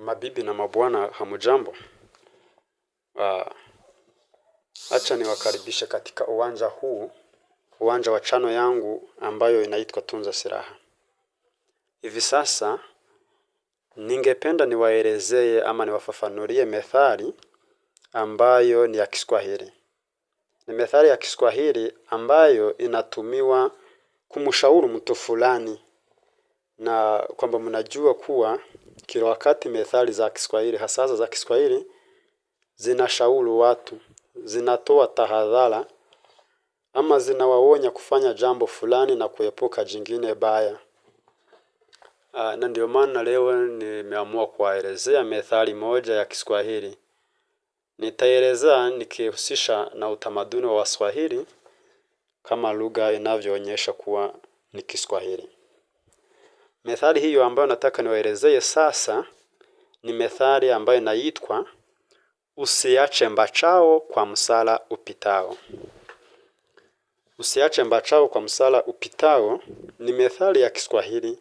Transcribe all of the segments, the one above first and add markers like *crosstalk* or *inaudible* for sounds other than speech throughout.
Mabibi na mabwana, hamujambo. Ah, acha niwakaribishe katika uwanja huu, uwanja wa chano yangu ambayo inaitwa Tunza Silaha. Hivi sasa ningependa niwaelezee ama niwafafanulie methali ambayo ni ya Kiswahili. Ni methali ya Kiswahili ambayo inatumiwa kumshauri mtu fulani, na kwamba mnajua kuwa kila wakati methali za Kiswahili, hasa za Kiswahili, zinashauri watu, zinatoa tahadhara ama zinawaonya kufanya jambo fulani na kuepuka jingine baya. Aa, ah, na ndio maana leo nimeamua kuwaelezea methali moja ya Kiswahili. Nitaeleza nikihusisha na utamaduni wa Waswahili kama lugha inavyoonyesha kuwa ni Kiswahili. Methali hiyo ambayo nataka niwaelezee sasa ni methali ambayo inaitwa usiache mbachao kwa msala upitao. Usiache mbachao kwa msala upitao ni methali ya Kiswahili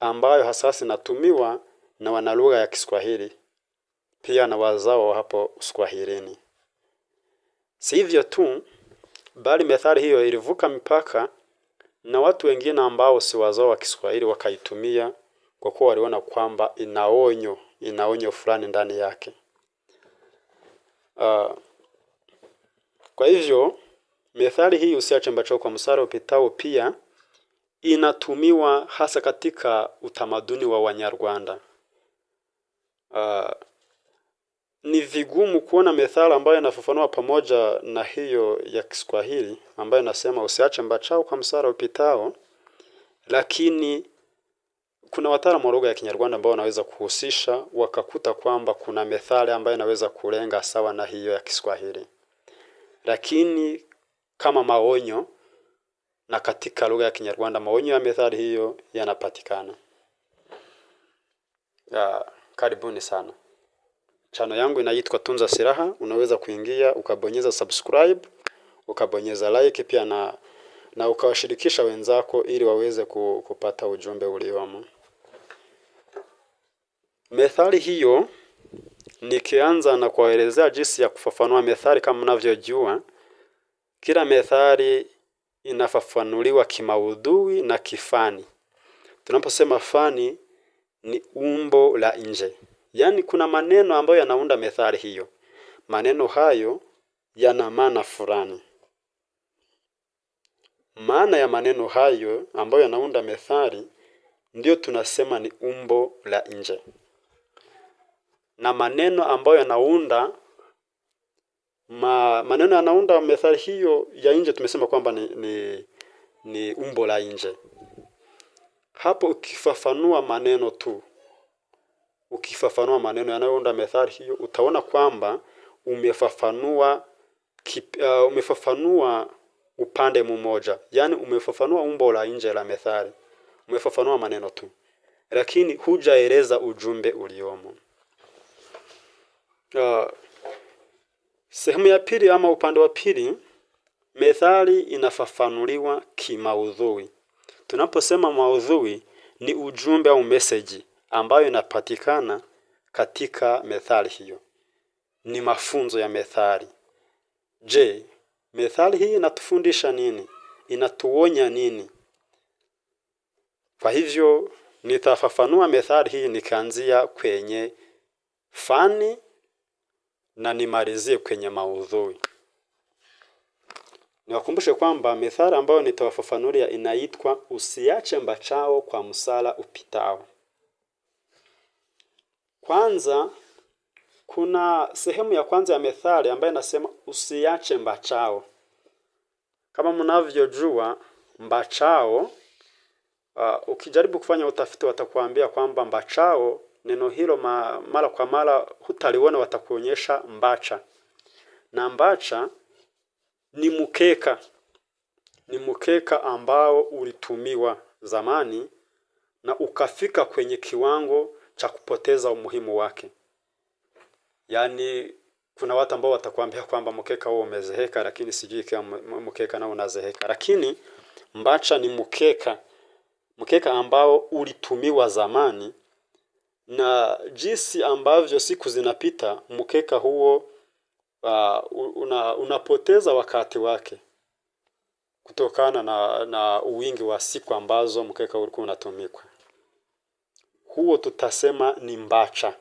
ambayo hasasi natumiwa na wanalugha ya Kiswahili pia na wazao hapo Uswahilini. Si hivyo tu, bali methali hiyo ilivuka mipaka na watu wengine ambao si wazao wa Kiswahili wakaitumia kwa kuwa waliona kwamba inaonyo inaonyo fulani ndani yake. Uh, kwa hivyo methali hii usiache mbacho kwa msara upitao pia inatumiwa hasa katika utamaduni wa Wanyarwanda. Uh, ni vigumu kuona methali ambayo inafafanua pamoja na hiyo ya Kiswahili ambayo inasema usiache mbachao kwa msara upitao, lakini kuna wataalamu wa lugha ya Kinyarwanda ambao wanaweza kuhusisha wakakuta kwamba kuna methali ambayo inaweza kulenga sawa na hiyo ya Kiswahili, lakini kama maonyo, na katika lugha ya Kinyarwanda maonyo ya methali hiyo yanapatikana. Ya, karibuni sana. Chano yangu inaitwa Tunza Silaha, unaweza kuingia ukabonyeza subscribe, ukabonyeza like pia na na ukawashirikisha wenzako ili waweze kupata ujumbe uliomo. Methali hiyo, nikianza na kuwaelezea jinsi ya kufafanua methali, kama mnavyojua, kila methali inafafanuliwa kimaudhui na kifani. Tunaposema fani, ni umbo la nje. Yaani kuna maneno ambayo yanaunda methali hiyo. Maneno hayo yana maana fulani. Maana ya maneno hayo ambayo yanaunda methali ndiyo tunasema ni umbo la nje. Na maneno ambayo yanaunda ma, maneno yanaunda methali hiyo ya nje tumesema kwamba ni, ni, ni umbo la nje. Hapo ukifafanua maneno tu Ukifafanua maneno yanayounda methali hiyo utaona kwamba umefafanua kip, uh, umefafanua upande mmoja, yaani umefafanua umbo la nje la methali, umefafanua maneno tu, lakini hujaeleza ujumbe uliomo. Uh, sehemu ya pili ama upande wa pili, methali inafafanuliwa kimaudhui. Tunaposema maudhui ni ujumbe au meseji ambayo inapatikana katika methali hiyo. Ni mafunzo ya methali. Je, methali hii inatufundisha nini? Inatuonya nini? Kwa hivyo nitafafanua methali hii nikaanzia kwenye fani na nimalizie kwenye maudhui. Niwakumbushe kwamba methali ambayo nitawafafanulia inaitwa usiache mbachao kwa msala upitao. Kwanza kuna sehemu ya kwanza ya methali ambayo inasema usiache mbachao. Kama mnavyojua mbachao, uh, ukijaribu kufanya utafiti watakuambia kwamba mbachao neno hilo ma, mara kwa mara hutaliona, watakuonyesha mbacha, na mbacha ni mkeka, ni mkeka ambao ulitumiwa zamani na ukafika kwenye kiwango cha kupoteza umuhimu wake. Yaani kuna watu ambao watakwambia kwamba mkeka huo umezeheka, lakini sijui kama mkeka nao unazeheka. Lakini mbacha ni mkeka, mkeka ambao ulitumiwa zamani, na jinsi ambavyo siku zinapita mkeka huo uh, una, unapoteza wakati wake kutokana na, na uwingi wa siku ambazo mkeka ulikuwa unatumikwa huo tutasema ni mbacha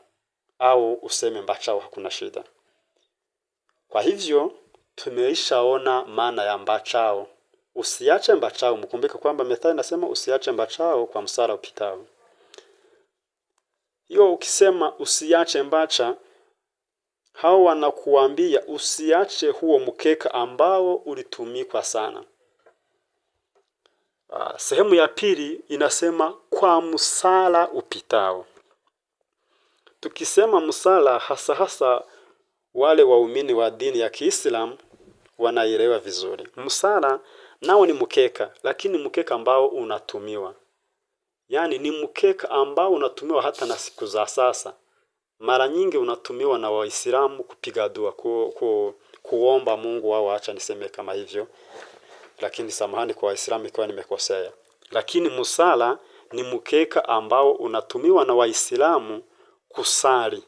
au useme mbacha au hakuna shida. Kwa hivyo tumeishaona maana ya mbachao. Usiache mbachao, mkumbuke kwamba methali nasema usiache mbachao kwa msala upitao. Hiyo ukisema usiache mbacha, hao wanakuambia usiache huo mkeka ambao ulitumikwa sana. Uh, sehemu ya pili inasema kwa msala upitao. Tukisema msala, hasa hasa wale waumini wa dini ya Kiislamu wanaielewa vizuri. Msala nao ni mkeka, lakini mkeka ambao unatumiwa, yaani ni mkeka ambao unatumiwa hata na siku za sasa. Mara nyingi unatumiwa na Waislamu kupiga dua, ku, ku, kuomba Mungu wao. Acha niseme kama hivyo, lakini samahani kwa Waislamu ikiwa nimekosea, lakini musala ni mkeka ambao unatumiwa na Waislamu kusali.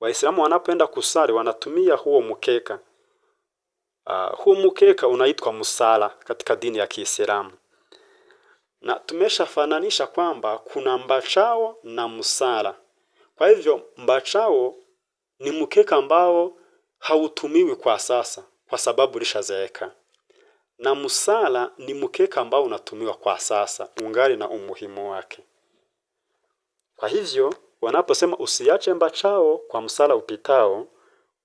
Waislamu wanapoenda kusali wanatumia huo mkeka. Uh, ah, huu mkeka unaitwa musala katika dini ya Kiislamu, na tumeshafananisha kwamba kuna mbachao na musala. Kwa hivyo mbachao ni mkeka ambao hautumiwi kwa sasa kwa sababu lishazeeka na musala ni mkeka ambao unatumiwa kwa sasa, ungali na umuhimu wake. Kwa hivyo wanaposema usiache mbachao kwa msala upitao,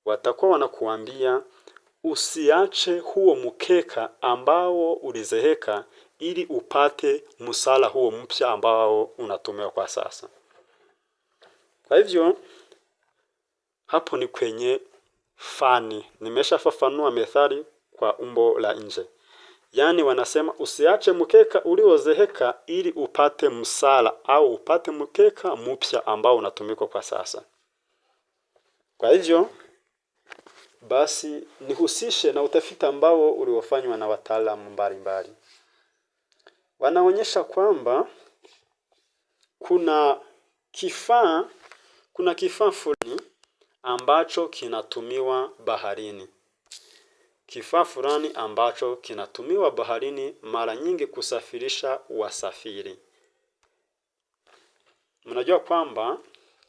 watakuwa wanakuambia usiache huo mkeka ambao ulizeheka, ili upate msala huo mpya ambao unatumiwa kwa sasa. Kwa hivyo hapo ni kwenye fani, nimeshafafanua methali kwa umbo la nje. Yaani wanasema usiache mkeka uliozeheka ili upate msala au upate mkeka mpya ambao unatumika kwa sasa. Kwa hivyo basi nihusishe na utafiti ambao uliofanywa na wataalamu mbalimbali. Wanaonyesha kwamba kuna kifaa kuna kifaa fulani ambacho kinatumiwa baharini. Kifaa fulani ambacho kinatumiwa baharini mara nyingi kusafirisha wasafiri. Mnajua kwamba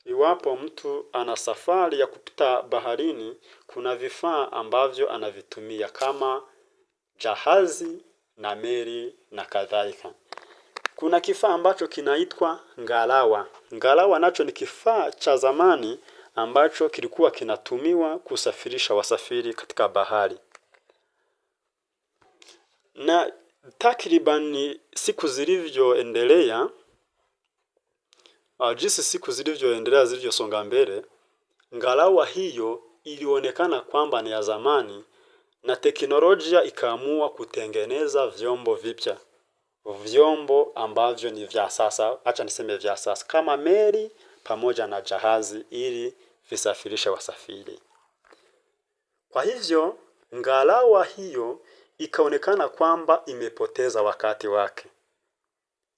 iwapo mtu ana safari ya kupita baharini, kuna vifaa ambavyo anavitumia kama jahazi na meli na kadhalika. Kuna kifaa ambacho kinaitwa ngalawa. Ngalawa nacho ni kifaa cha zamani ambacho kilikuwa kinatumiwa kusafirisha wasafiri katika bahari. Na takriban siku zilivyoendelea, uh, jinsi siku zilivyoendelea zilivyosonga mbele, ngalawa hiyo ilionekana kwamba ni ya zamani na teknolojia ikaamua kutengeneza vyombo vipya, vyombo ambavyo ni vya sasa, acha niseme vya sasa, kama meli pamoja na jahazi, ili visafirishe wasafiri. Kwa hivyo ngalawa hiyo ikaonekana kwamba imepoteza wakati wake,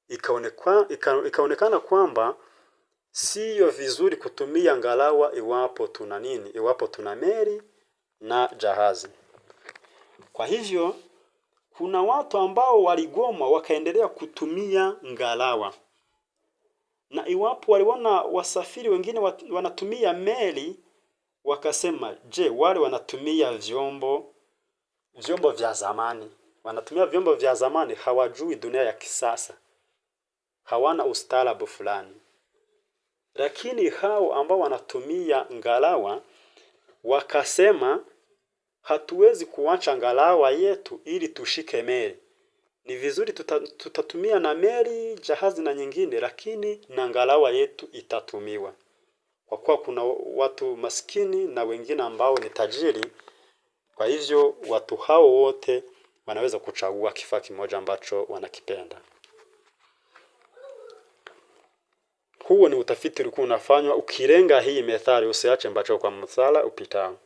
ikaonekana, ikaonekana kwamba siyo vizuri kutumia ngalawa iwapo tuna nini, iwapo tuna meli na jahazi. Kwa hivyo kuna watu ambao waligoma wakaendelea kutumia ngalawa, na iwapo waliona wasafiri wengine wanatumia meli, wakasema je, wale wanatumia vyombo vyombo vya zamani. Wanatumia vyombo vya zamani, hawajui dunia ya kisasa, hawana ustaarabu fulani. Lakini hao ambao wanatumia ngalawa wakasema, hatuwezi kuacha ngalawa yetu ili tushike meli. Ni vizuri tuta, tutatumia na meli, jahazi na nyingine, lakini na ngalawa yetu itatumiwa, kwa kuwa kuna watu maskini na wengine ambao ni tajiri. Kwa hivyo watu hao wote wanaweza kuchagua kifaa kimoja ambacho wanakipenda. Huo ni utafiti ulikuwa unafanywa ukilenga hii methali, usiache mbacho kwa msala upitao,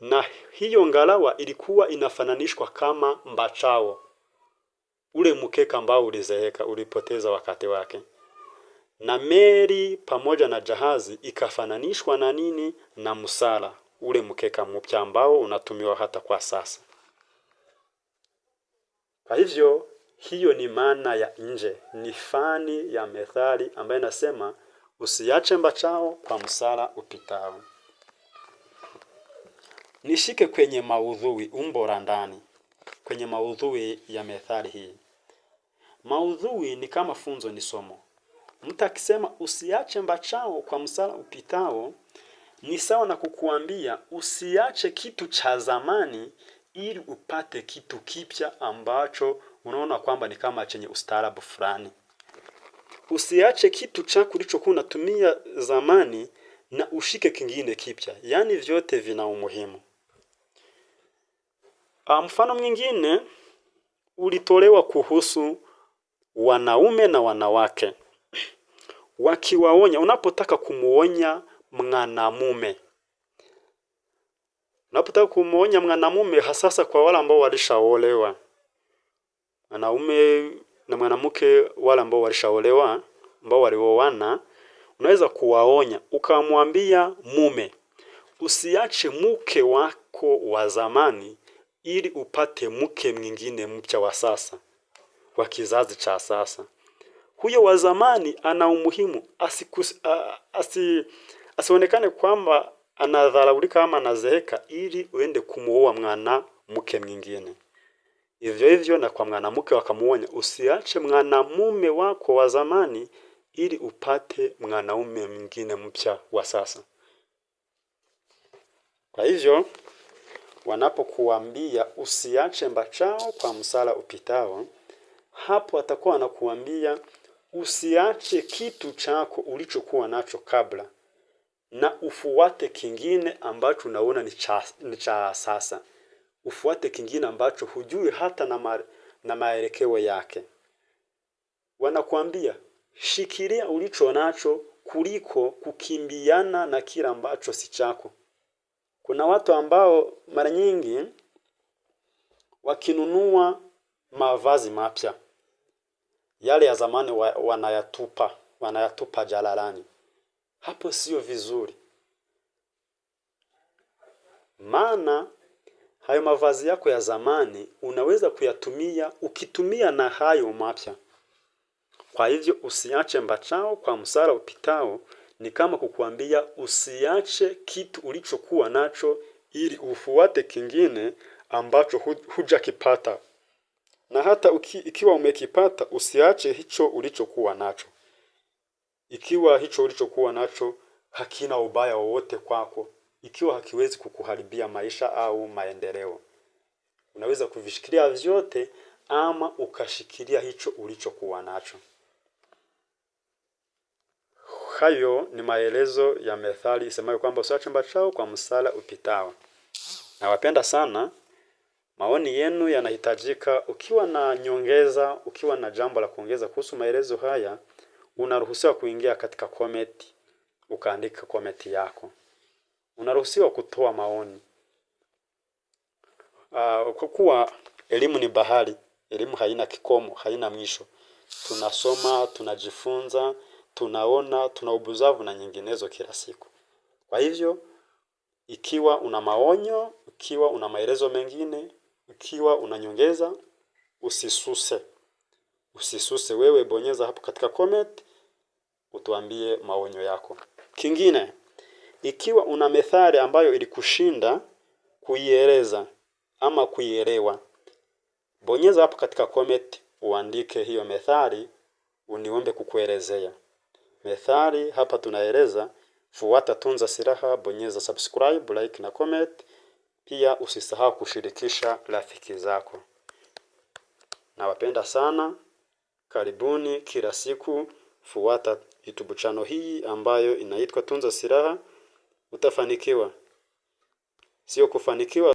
na hiyo ngalawa ilikuwa inafananishwa kama mbachao, ule mkeka ambao ulizeeka ulipoteza wakati wake, na meli pamoja na jahazi ikafananishwa na nini? Na msala ule mkeka mpya ambao unatumiwa hata kwa sasa. Kwa hivyo hiyo ni maana ya nje, ni fani ya methali ambayo inasema usiache mbachao kwa msala upitao. Nishike kwenye maudhui umbo la ndani, kwenye maudhui ya methali hii. Maudhui ni kama funzo, ni somo. Mtu akisema usiache mbachao kwa msala upitao, ni sawa na kukuambia usiache kitu cha zamani ili upate kitu kipya ambacho unaona kwamba ni kama chenye ustaarabu fulani. Usiache kitu chako ulichokuwa unatumia zamani na ushike kingine kipya. Yaani vyote vina umuhimu. Ah, mfano mwingine ulitolewa kuhusu wanaume na wanawake. *clears throat* Wakiwaonya unapotaka kumuonya mwanamume. Napotaka kumuonya mwanamume hasasa kwa wale ambao walishaolewa. Mwanaume na mwanamke wale ambao walishaolewa, ambao walioana, unaweza kuwaonya ukamwambia mume, usiache mke wako wa zamani ili upate mke mwingine mpya wa sasa, wa kizazi cha sasa. Huyo wa zamani ana umuhimu asikus, a, asi asionekane kwamba anadharaulika ama anazeeka ili uende kumuoa mwanamke mwingine. Hivyo hivyo na kwa mwanamke wakamuonya, usiache mwanamume wako wa zamani ili upate mwanaume mwingine mpya wa sasa. Kwa hivyo wanapokuambia usiache mbachao kwa msala upitao, hapo atakuwa anakuambia usiache kitu chako ulichokuwa nacho kabla na ufuate kingine ambacho unaona ni cha sasa. Ufuate kingine ambacho hujui hata na, ma na maelekeo yake. Wanakuambia shikilia ulicho nacho kuliko kukimbiana na kila ambacho si chako. Kuna watu ambao mara nyingi wakinunua mavazi mapya yale ya zamani wa, wanayatupa wanayatupa jalalani. Hapo sio vizuri, maana hayo mavazi yako ya zamani unaweza kuyatumia ukitumia na hayo mapya. Kwa hivyo usiache mbachao kwa msara upitao, ni kama kukuambia usiache kitu ulichokuwa nacho ili ufuate kingine ambacho hujakipata, na hata uki, ikiwa umekipata usiache hicho ulichokuwa nacho. Ikiwa hicho ulichokuwa nacho hakina ubaya wowote kwako, ikiwa hakiwezi kukuharibia maisha au maendeleo, unaweza kuvishikilia vyote ama ukashikilia hicho ulichokuwa nacho. Hayo ni maelezo ya methali isemayo kwamba usiache chumba chao kwa msala upitao. Nawapenda sana. Maoni yenu yanahitajika. Ukiwa na nyongeza, ukiwa na jambo la kuongeza kuhusu maelezo haya, unaruhusiwa kuingia katika kometi ukaandika kometi yako. Unaruhusiwa kutoa maoni uh, kwa kuwa elimu ni bahari, elimu haina kikomo, haina mwisho. Tunasoma, tunajifunza, tunaona, tuna ubuzavu na nyinginezo kila siku. Kwa hivyo ikiwa una maonyo, ikiwa una maelezo mengine, ikiwa una nyongeza, usisuse. Usisuse wewe, bonyeza hapo katika comment utuambie maonyo yako. Kingine, ikiwa una methali ambayo ilikushinda kuieleza ama kuielewa, bonyeza hapo katika comment uandike hiyo methali uniombe kukuelezea methali. Hapa tunaeleza fuata, tunza silaha, bonyeza subscribe, like na comment. Pia usisahau kushirikisha rafiki zako. Nawapenda sana. Karibuni kila siku, fuata YouTube channel hii ambayo inaitwa Tunza Silaha, utafanikiwa. Sio kufanikiwa